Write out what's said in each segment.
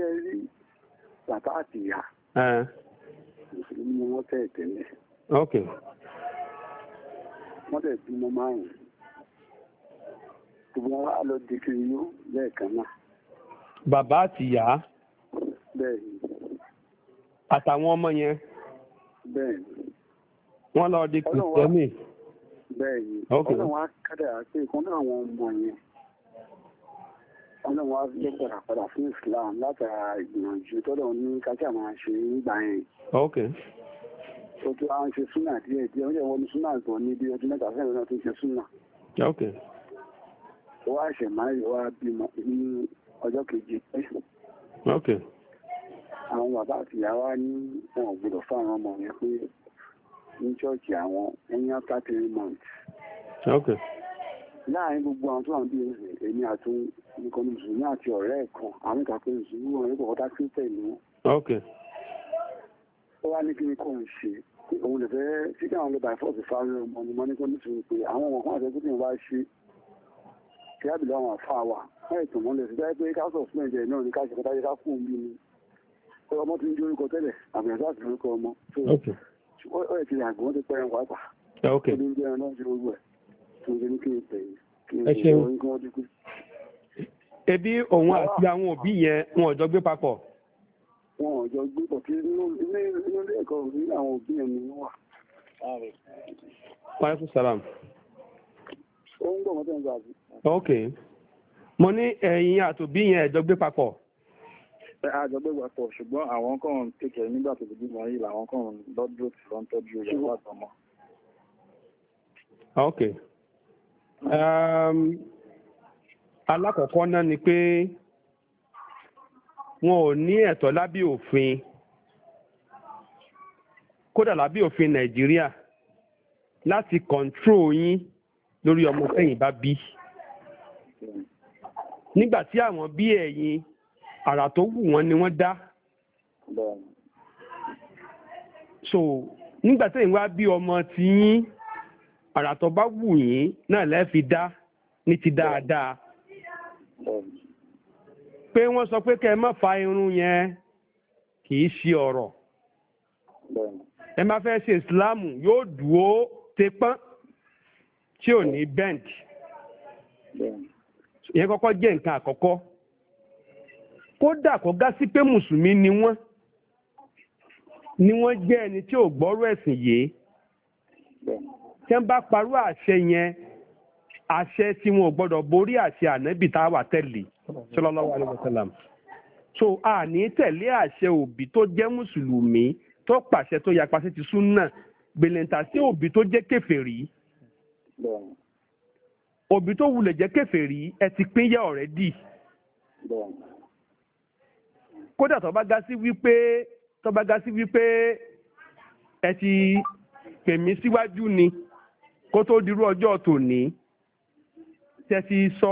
ṣe rí bàbá àti ìyá mùsùlùmí ni wọ́n tẹ̀ tẹ́lẹ̀. ok. wọ́n tẹ̀ bímọ márùn-ún gbogbo wọn lọ di kiri lẹ́ẹ̀kan náà. bàbá àti ìyá. bẹ́ẹ̀ni. àtàwọn ọmọ yẹn. bẹ́ẹ̀ni. wọ́n lọ di kìrìtẹ́nì. bẹ́ẹ̀ni. ok. ọlọ́run á kádà àti ìkúndà àwọn ọmọ yẹn ọlọ́run wá jẹ́ kẹ̀rà padà fún Islam látara ìgbìyànjú tọ́lọ̀ ní kájà máa ṣe nígbà yẹn. ok. ó tún wá ń ṣe súnà díẹ̀ díẹ̀ ó jẹ́ wọ́n ní súnà gbọ́ ní bí ọdún mẹ́ta sẹ́yìn náà tó ń ṣe súnà. ok. ó wá ṣẹ̀ máa yọ wá bímọ ní ọjọ́ keje pé. ok. àwọn bàbá àti ìyá wa ní wọn ò gbọdọ̀ fáwọn ọmọ yẹn pé ní ṣọ́ọ̀ṣì àwọn ẹ̀yìn after three months. ok. okay láàrin gbogbo àwọn tó wà níbi èmi àti nǹkan mùsùlùmí àti ọ̀rẹ́ ẹ̀ kan àwọn ìkà pé mùsùlùmí wọn nípa ọ̀tá kírísítẹ̀ ni wọn. ok. ó wá ní kí ni kò ń ṣe pé òun lè fẹ́ sí kí àwọn lè bàá fọ́ọ̀sì fáwọn ọmọ ni mo ní kó nítorí pé àwọn ọmọ kan àti ẹgbẹ́ tí mo bá ṣe kí á bìlọ àwọn àfa wa láì tàn mọ́lẹ̀ sí dájú pé káṣọ̀ fún ẹ̀jẹ̀ náà ní káṣọ̀ kọ́tà yẹ ká fún omi ni ọmọ ti ń di orúkọ tẹ́lẹ̀ àbẹ̀rẹ̀ láti orúkọ ọmọ. ó yẹ kí àgbọ̀n ti pẹ́ ẹran pàápàá. ó ní ń gbé ẹran náà sí gbogbo ẹ̀ ẹ ṣeun ebi òun àti àwọn òbí yẹn wọn ò jọ gbé papọ̀. wọn ò jọ gbé papọ̀ kí inú ilé ẹ̀kọ́ òbí àwọn òbí yẹn ni wọ́n wà. wàhálà sàlám. ó ń gbọ́ mọ́tò nígbà tí. ok mo ní ẹ̀yin àtòbí yẹn ẹ gbé papọ̀. a jọ gbé papọ̀ ṣùgbọ́n àwọn kan ń kékeré nígbà tó bí wọn yìí làwọn kan lọ́dún tó ń tọ́jú ìyàwó àtọmọ. ok. Ehm, alákọ̀ọ́kọ́ náà ni pé wọn ò ní ẹ̀tọ́ lábẹ́ òfin kódà lábẹ́ òfin nàìjíríà láti kọ̀ǹtró yín lórí ọmọ tẹ́yìn bá bí nígbà tí àwọn bí ẹ̀yin àrà tó wù wọ́n ni wọ́n dá so nígbà tẹ́yìn wá bí ọmọ tiyín. àrà tó bá wù yín náà lẹ́ fi dá ní ti dáadáa pé wọ́n sọ pé kẹ́ ẹ má fa irun yẹn kì í ṣe ọ̀rọ̀ ẹ má fẹ́ ṣe ìsìláàmù yóò dúró tepọ́n tí ò ní bend ìyẹn kọ́kọ́ jẹ́ nǹkan àkọ́kọ́ kódà kó gá sí pé mùsùlùmí ni wọ́n ni wọ́n jẹ́ ẹni tí ò gbọ́rọ̀ ẹ̀sìn yìí tẹ́ ń bá parú àṣẹ yẹn àṣẹ tí wọn ò gbọ́dọ̀ borí àṣẹ ànábì tá a wà tẹ̀lé sallallahu alaihi wasallam so a ní tẹ̀lé àṣẹ òbí tó jẹ́ mùsùlùmí tó pàṣẹ tó yapa sí ti súnà gbèlèǹtà sí òbí tó jẹ́ kèfèrí òbí tó wulẹ̀ jẹ́ kèfèrí ẹ ti pín yẹ ọ̀rẹ́ dì kódà tó sí wípé tó sí wípé ẹ ti pèmí síwájú ni. Yeah kó tó dirú ọjọ́ tòní tẹ̀sí sọ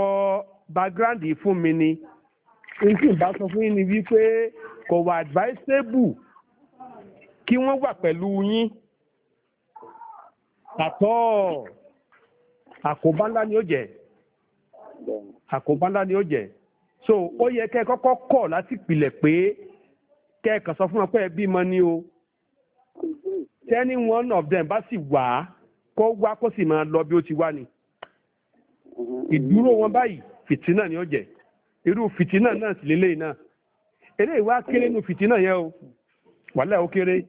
background yìí fún mi ni n sì bá sọ fún yín ni wípé kò wà advisable kí wọ́n wà pẹ̀lú yín àtọ́ àkóbá ńlá ni ó jẹ́ àkóbá ńlá ni ó jẹ́ so ó yẹ kẹ́ ẹ kọ́kọ́ kọ̀ láti pìlẹ̀ pé kẹ́ ẹ kàn sọ fún wọn pé ẹ bímọ ni o any one of them bá sì wà á kó wá kó sì máa lọ bí ó ti wá ni mm-hmm. ìdúró wọn báyìí fìtínà ni ó jẹ irú fìtínà náà sì lélẹ́yìn náà eléyìí wá kéré nu fìtínà yẹn o wàhálà ó kéré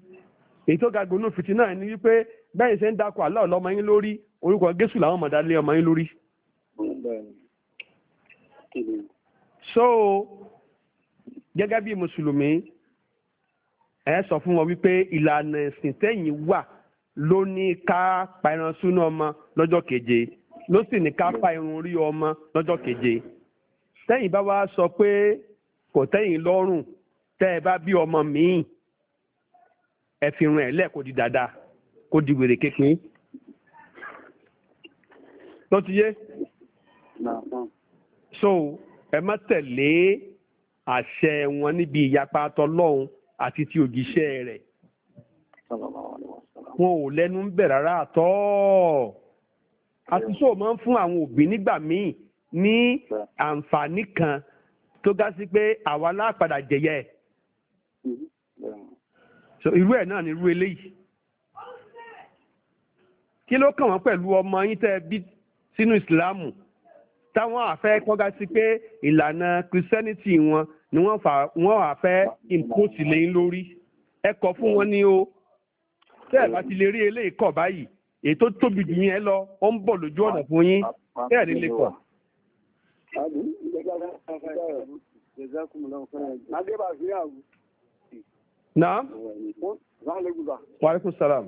èyí tó ga gbónú fìtínà ni wípé bẹ́ẹ̀ ṣe ń dakọ̀ àlọ́ ọ̀lọ́mọ yín lórí orúkọ Jésù làwọn mọ̀dá lé ọmọ yín lórí. so gẹ́gẹ́ bí mùsùlùmí ẹ sọ fún wọn wípé ìlànà ẹ̀sìn tẹ́yìn wà ló ní ká pa ẹran súnú ọmọ lọ́jọ́ keje ló sì ní ká pa irun orí ọmọ lọ́jọ́ keje tẹ́yìn bá wá sọ pé kò tẹ́yìn lọ́rùn tẹ́ ẹ bá bí ọmọ míì ẹ fi irun ẹ̀ lẹ̀ kó di dáadáa kó di wèrè kékeré ló ti yé so ẹ má tẹ̀lé àṣẹ wọn níbi ìyapa tọlọ́hun àti ti òjíṣẹ́ rẹ̀. wọn ò lẹ́nu ń bẹ̀ rárá àtọ́ àti sóò máa ń fún àwọn òbí nígbà míì ní àǹfààní kan tó ga sí pé àwa láàpadà jẹyẹ so irú ẹ̀ náà ni irú eléyìí kí ló kàn wọ́n pẹ̀lú ọmọ yín tẹ́ bí sínú ìsìláàmù táwọn àfẹ́ kọ́gá sí pé ìlànà christianity wọn ni wọ́n àfẹ́ impose lẹ́yìn lórí ẹ kọ́ fún wọn ní o tẹ́ ẹ̀ bá ti lè rí eléyìí kọ̀ báyìí èyí tó tóbi jù yẹn lọ ó ń bọ̀ lójú ọ̀nà fún yín tẹ́ ẹ̀ nílé kọ̀. naam waaleykum salaam.